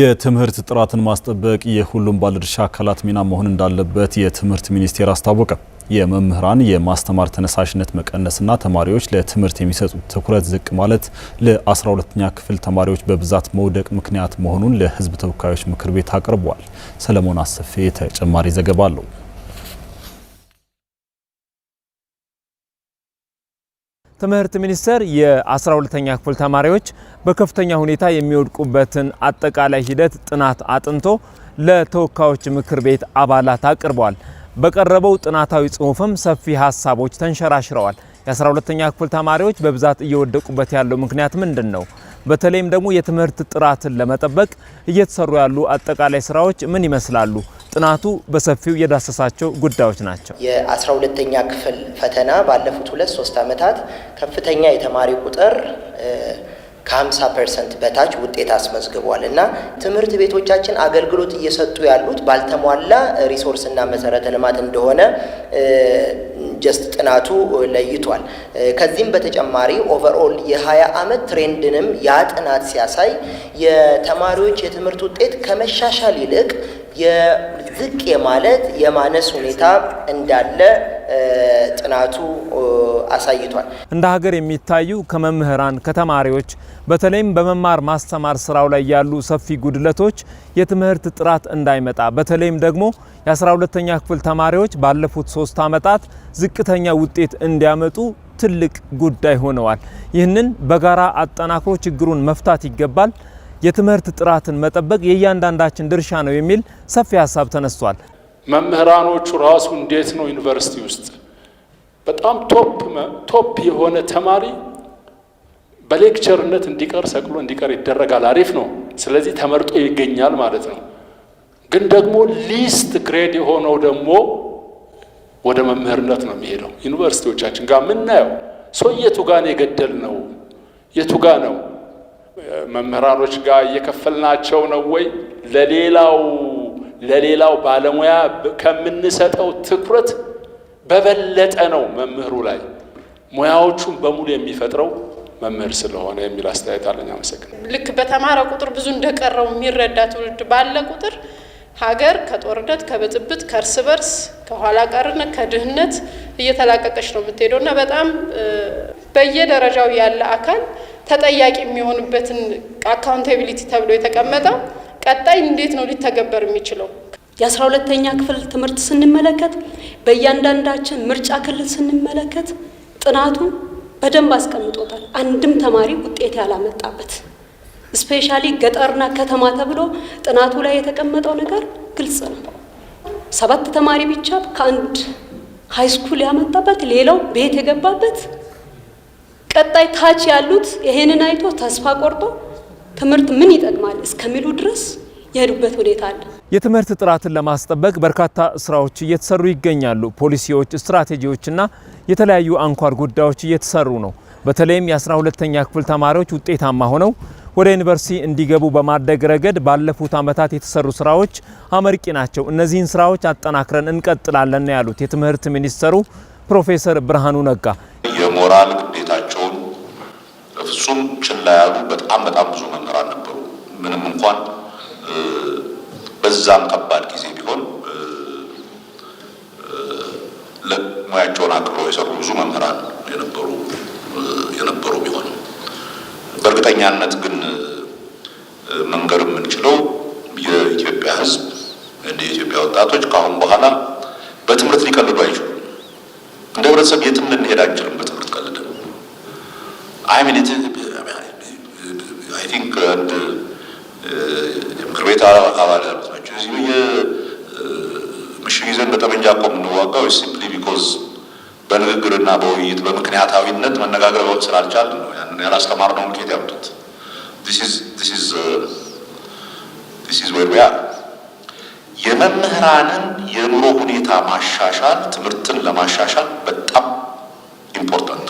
የትምህርት ጥራትን ማስጠበቅ የሁሉም ባለድርሻ አካላት ሚና መሆን እንዳለበት የትምህርት ሚኒስቴር አስታወቀ። የመምህራን የማስተማር ተነሳሽነት መቀነስና ተማሪዎች ለትምህርት የሚሰጡት ትኩረት ዝቅ ማለት ለ12ኛ ክፍል ተማሪዎች በብዛት መውደቅ ምክንያት መሆኑን ለሕዝብ ተወካዮች ምክር ቤት አቅርቧል። ሰለሞን አሰፌ ተጨማሪ ዘገባ አለው። ትምህርት ሚኒስቴር የ12ተኛ ክፍል ተማሪዎች በከፍተኛ ሁኔታ የሚወድቁበትን አጠቃላይ ሂደት ጥናት አጥንቶ ለተወካዮች ምክር ቤት አባላት አቅርበዋል። በቀረበው ጥናታዊ ጽሁፍም ሰፊ ሀሳቦች ተንሸራሽረዋል። የ12ተኛ ክፍል ተማሪዎች በብዛት እየወደቁበት ያለው ምክንያት ምንድን ነው? በተለይም ደግሞ የትምህርት ጥራትን ለመጠበቅ እየተሰሩ ያሉ አጠቃላይ ስራዎች ምን ይመስላሉ? ጥናቱ በሰፊው የዳሰሳቸው ጉዳዮች ናቸው። የአስራ ሁለተኛ ክፍል ፈተና ባለፉት ሁለት ሶስት ዓመታት ከፍተኛ የተማሪ ቁጥር ከ50 ፐርሰንት በታች ውጤት አስመዝግቧል እና ትምህርት ቤቶቻችን አገልግሎት እየሰጡ ያሉት ባልተሟላ ሪሶርስና መሰረተ ልማት እንደሆነ ጀስት ጥናቱ ለይቷል። ከዚህም በተጨማሪ ኦቨርኦል የሀያ ዓመት ትሬንድንም ያ ጥናት ሲያሳይ የተማሪዎች የትምህርት ውጤት ከመሻሻል ይልቅ የዝቅ የማለት የማነስ ሁኔታ እንዳለ ጥናቱ አሳይቷል። እንደ ሀገር የሚታዩ ከመምህራን ከተማሪዎች፣ በተለይም በመማር ማስተማር ስራው ላይ ያሉ ሰፊ ጉድለቶች የትምህርት ጥራት እንዳይመጣ በተለይም ደግሞ የ12ተኛ ክፍል ተማሪዎች ባለፉት ሶስት ዓመታት ዝቅተኛ ውጤት እንዲያመጡ ትልቅ ጉዳይ ሆነዋል። ይህንን በጋራ አጠናክሮ ችግሩን መፍታት ይገባል። የትምህርት ጥራትን መጠበቅ የእያንዳንዳችን ድርሻ ነው የሚል ሰፊ ሀሳብ ተነስቷል። መምህራኖቹ ራሱ እንዴት ነው ዩኒቨርሲቲ ውስጥ በጣም ቶፕ የሆነ ተማሪ በሌክቸርነት እንዲቀር ሰቅሎ እንዲቀር ይደረጋል። አሪፍ ነው። ስለዚህ ተመርጦ ይገኛል ማለት ነው። ግን ደግሞ ሊስት ግሬድ የሆነው ደግሞ ወደ መምህርነት ነው የሚሄደው። ዩኒቨርሲቲዎቻችን ጋር የምናየው ሰው የቱ ጋ ነው የገደል ነው የቱ ጋ ነው መምህራኖች ጋር እየከፈልናቸው ነው ወይ ለሌላው ለሌላው ባለሙያ ከምንሰጠው ትኩረት በበለጠ ነው መምህሩ ላይ ሙያዎቹን በሙሉ የሚፈጥረው መምህር ስለሆነ የሚል አስተያየት አለኝ። አመሰግናለሁ። ልክ በተማረ ቁጥር ብዙ እንደቀረው የሚረዳ ትውልድ ባለ ቁጥር ሀገር ከጦርነት ከብጥብጥ፣ ከእርስ በርስ፣ ከኋላ ቀርነት፣ ከድህነት እየተላቀቀች ነው የምትሄደው እና በጣም በየደረጃው ያለ አካል ተጠያቂ የሚሆንበትን አካውንታቢሊቲ ተብሎ የተቀመጠው ቀጣይ እንዴት ነው ሊተገበር የሚችለው? የአስራ ሁለተኛ ክፍል ትምህርት ስንመለከት በእያንዳንዳችን ምርጫ ክልል ስንመለከት ጥናቱ በደንብ አስቀምጦታል። አንድም ተማሪ ውጤት ያላመጣበት ስፔሻሊ ገጠርና ከተማ ተብሎ ጥናቱ ላይ የተቀመጠው ነገር ግልጽ ነው። ሰባት ተማሪ ብቻ ከአንድ ሃይስኩል ያመጣበት፣ ሌላው ቤት የገባበት። ቀጣይ ታች ያሉት ይሄንን አይቶ ተስፋ ቆርጦ ትምህርት ምን ይጠቅማል እስከሚሉ ድረስ የሄዱበት ሁኔታ አለ። የትምህርት ጥራትን ለማስጠበቅ በርካታ ስራዎች እየተሰሩ ይገኛሉ። ፖሊሲዎች፣ ስትራቴጂዎችና የተለያዩ አንኳር ጉዳዮች እየተሰሩ ነው። በተለይም የአስራ ሁለተኛ ክፍል ተማሪዎች ውጤታማ ሆነው ወደ ዩኒቨርሲቲ እንዲገቡ በማድረግ ረገድ ባለፉት ዓመታት የተሰሩ ስራዎች አመርቂ ናቸው። እነዚህን ስራዎች አጠናክረን እንቀጥላለን ያሉት የትምህርት ሚኒስትሩ ፕሮፌሰር ብርሃኑ ነጋ። የሞራል በፍጹም ችላ ያሉ በጣም በጣም ብዙ መምህራን ነበሩ። ምንም እንኳን በዛም ከባድ ጊዜ ቢሆን ለሙያቸውን አክብረው የሰሩ ብዙ መምህራን የነበሩ የነበሩ ቢሆን በእርግጠኛነት ግን መንገር የምንችለው የኢትዮጵያ ሕዝብ እንደ የኢትዮጵያ ወጣቶች ከአሁን በኋላ በትምህርት ሊቀልዱ አይችሉም። እንደ ህብረተሰብ የትም ልንሄድ አንችልም። አይ ሚን አይ ቲንክ አንድ የምክር ቤት አባል ያሉት ናቸው። እዚህ ምሽግ ይዘን በጠመንጃ እኮ የምንዋጋው ሲምፕሊ ቢኮዝ በንግግርና በውይይት በምክንያታዊነት መነጋገር ስላልቻል ነው። ያንን ያላስተማርነውን ኬት ያምጡት። uh, የመምህራንን የኑሮ ሁኔታ ማሻሻል ትምህርትን ለማሻሻል በጣም ኢምፖርታንት